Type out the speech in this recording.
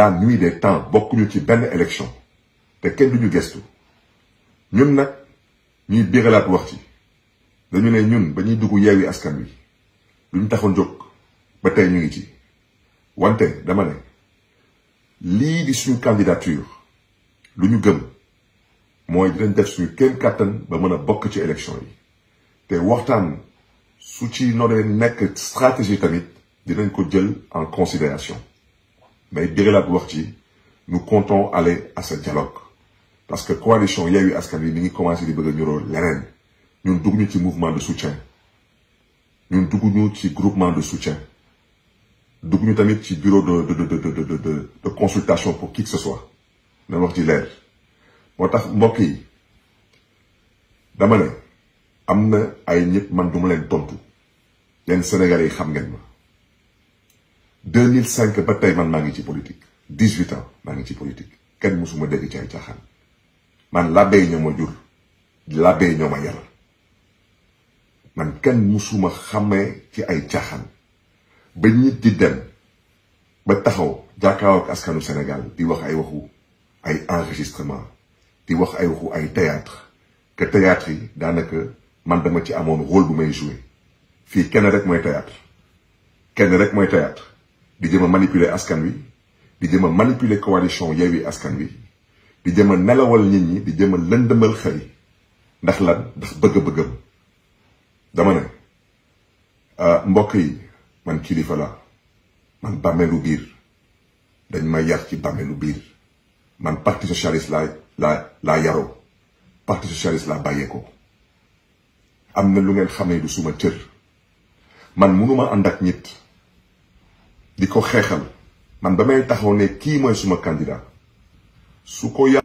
la nuit des temps bokkuñu ci benn élection te kenn duñu gestu ñun nag ñuy biralaat wax ci dañu ne ñun ba ñuy dugg yeewi askan wi duñ taxoon jóg ba tey ñu ngi ci wante dama ne lii di suñu candidature lu ñu gëm mooy dinañ def suñu kenn kàttan ba mën a bokk ci élection yi te waxtaan su ci noree nekk stratégie tamit dinañ ko jël en considération mais dëgëlaat wax ci nous comptons aller à ce dialogue parce que coalition Yewwi Askan Wi mi ngi commencé di bëgg a ñoroo leneen ñun dugg ñu ci mouvement de soutien ñun dugg ñu ci groupement de soutien dugg ñu tamit ci bureau de de de de de de consultation pour qui que ce soit na wax ci leer moo tax mbokk yi dama ne am na ay ñëpp man du leen tontu yenn Sénégalais xam ngeen ma. 2005 ba tey man maa ngi ci politique 18 ans maa ngi ci politique kenn musuma dégg ci ay caaxaan man labey ñoo ma jur labey ñoo ma yar man kenn musuma xamee ci ay caaxaan ba nit di dem ba taxaw jàkkaarloo ak askanu Sénégal di wax ay waxu ay enregistrement di wax ay waxu ay théâtre que théâtre yi daanaka man dama ci amoon rôle bu may joué fii kenn rek mooy théâtre kenn rek mooy théâtre di jëm a manipuler askan wi di jëm a manipuler coalition Yewwi Askan Wi di jëm a nelawal nit ñi di jëm a lëndëmal xel yi ndax la ndax bëgg-bëggam dama ne ah, mbokk yi man kilifa la man bàmmeelu biir dañ ma yar ci bàmmeelu biir man parti socialiste laa laa laa yaroo parti socialiste laa bàyyeekoo am na lu ngeen xam ne du suma cër man mënuma ànd ak nit di ko xeexal man damay taxaw ne kii mooy suma candidat su ko